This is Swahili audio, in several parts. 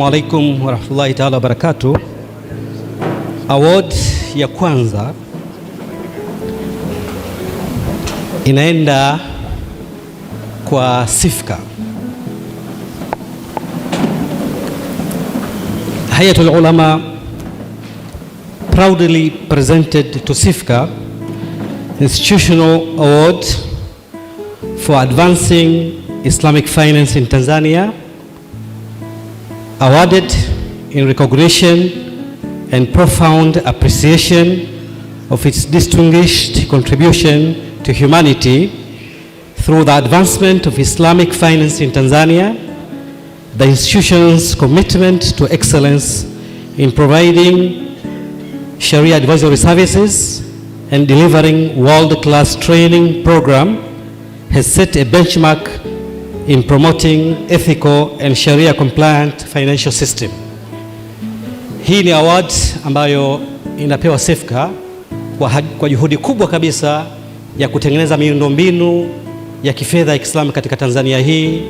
Assalamu alaikum warahmatullahi taala wabarakatuh. Award ya kwanza inaenda kwa Sifka, Hayatul Ulama proudly presented to Sifka Institutional Award for Advancing Islamic Finance in Tanzania awarded in recognition and profound appreciation of its distinguished contribution to humanity through the advancement of Islamic finance in Tanzania, the institution's commitment to excellence in providing Sharia advisory services and delivering world-class training program has set a benchmark in promoting ethical and sharia compliant financial system. Hii ni award ambayo inapewa Sefka kwa, kwa juhudi kubwa kabisa ya kutengeneza miundombinu ya kifedha ya Kiislamu katika Tanzania hii.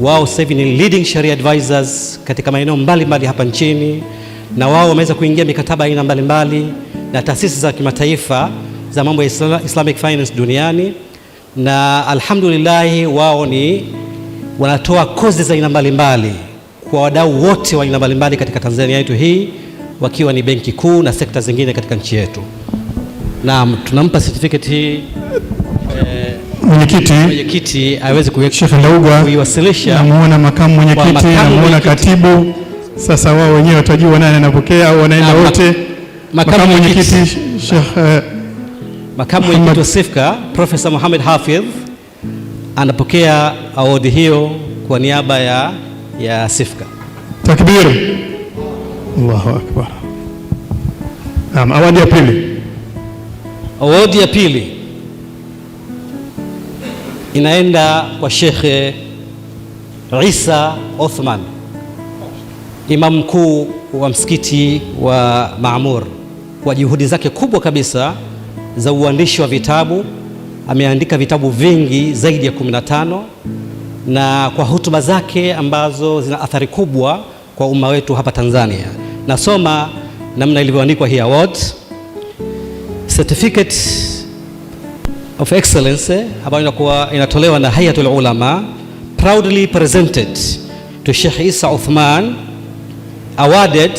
Wao sasa hivi ni leading sharia advisors katika maeneo mbalimbali hapa nchini, na wao wameweza kuingia mikataba aina mbalimbali na taasisi za kimataifa za mambo ya Islamic finance duniani, na alhamdulillah wao ni wanatoa kozi za aina mbalimbali kwa wadau wote wa aina mbalimbali katika Tanzania yetu hii, wakiwa ni benki kuu na sekta zingine katika nchi yetu. Naam, tunampa certificate hii eh, mwenyekiti mwenyekiti aweze kuiwasilisha. Namuona makamu mwenyekiti, namuona katibu. Sasa wao wenyewe watajua nani anapokea au wanaenda wote. Makamu mwenyekiti Sheikh, eh, makamu mwenyekiti wa SIFCA Profesa Hafidh anapokea awadi hiyo kwa niaba ya, ya Sifka. Takbiri, Allahu akbar. Naam, awadi ya pili, awadi ya pili inaenda kwa Shekhe Isa Othman, imam mkuu wa msikiti wa Maamur, kwa juhudi zake kubwa kabisa za uandishi wa vitabu ameandika vitabu vingi zaidi ya 15 na kwa hotuba zake ambazo zina athari kubwa kwa umma wetu hapa Tanzania. Nasoma namna ilivyoandikwa hii award certificate of excellence ambayo inakuwa inatolewa na Hayatul Ulama proudly presented to Sheikh Isa Uthman awarded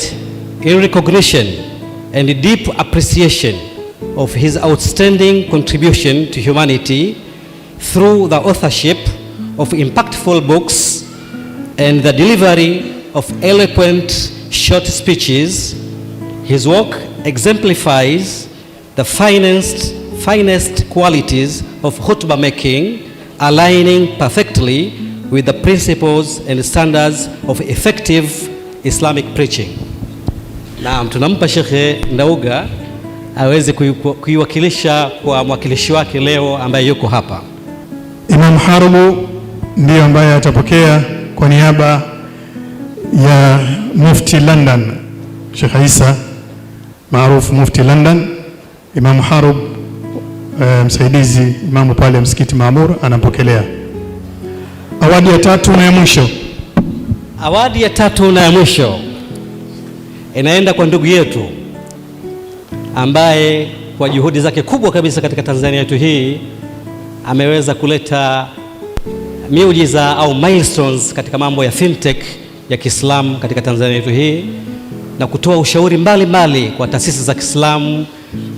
in recognition and deep appreciation of his outstanding contribution to humanity through the authorship of impactful books and the delivery of eloquent short speeches. His work exemplifies the finest, finest qualities of khutbah making, aligning perfectly with the principles and standards of effective Islamic preaching. Naam, tunampa Shekhe Ndauga aweze kuiwakilisha kwa mwakilishi wake leo ambaye yuko hapa. Imam Harubu ndiyo ambaye atapokea kwa niaba ya Mufti London Sheikh Isa maarufu Mufti London. Imam Harub e, msaidizi imamu pale msikiti Maamur anapokelea awadi ya tatu na ya mwisho. Awadi ya tatu na ya mwisho inaenda kwa ndugu yetu ambaye kwa juhudi zake kubwa kabisa katika Tanzania yetu hii ameweza kuleta miujiza au milestones katika mambo ya fintech ya Kiislamu katika Tanzania yetu hii na kutoa ushauri mbalimbali mbali kwa taasisi za Kiislamu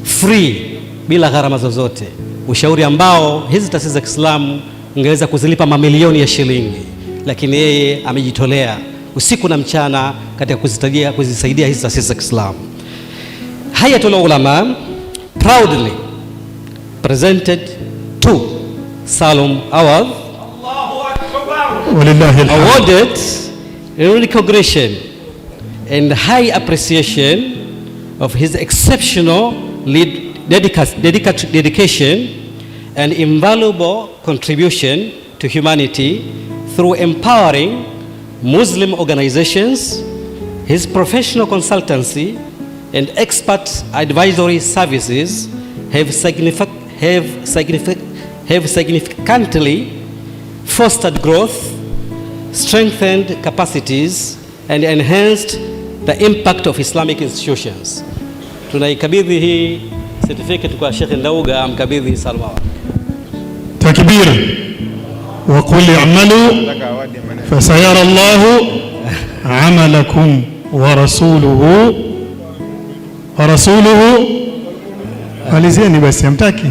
free bila gharama zozote, ushauri ambao hizi taasisi za Kiislamu ungeweza kuzilipa mamilioni ya shilingi, lakini yeye amejitolea usiku na mchana katika kuzisaidia hizi taasisi za Kiislamu. Hayatul Ulama proudly presented to Salom Awad awarded in recognition and high appreciation of his exceptional lead, dedica, dedica, dedication and invaluable contribution to humanity through empowering Muslim organizations, his professional consultancy, and expert advisory services have, signific have, signific have significantly fostered growth, strengthened capacities, and enhanced the impact of Islamic institutions. Tunaikabidhi hii certificate kwa Sheikh Ndauga, amkabidhi Salma. Takbir wa Allahu amalakum wa rasuluhu wa rasuluhu, malizieni basi, hamtaki?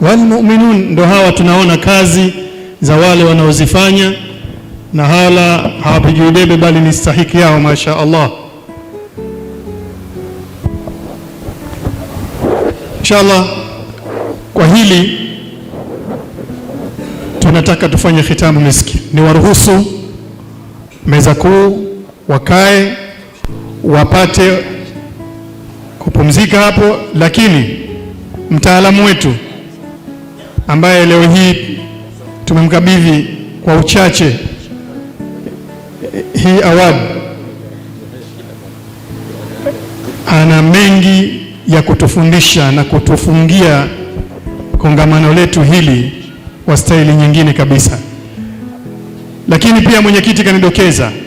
Walmuminun, ndo hawa tunaona kazi za wale wanaozifanya na hala hawapigi udebe, bali ni stahiki yao, masha Allah. Inshallah, kwa hili tunataka tufanye khitamu miski, ni waruhusu meza kuu wakae wapate kupumzika hapo, lakini mtaalamu wetu ambaye leo hii tumemkabidhi kwa uchache hii award ana mengi ya kutufundisha na kutufungia kongamano letu hili kwa staili nyingine kabisa, lakini pia mwenyekiti kanidokeza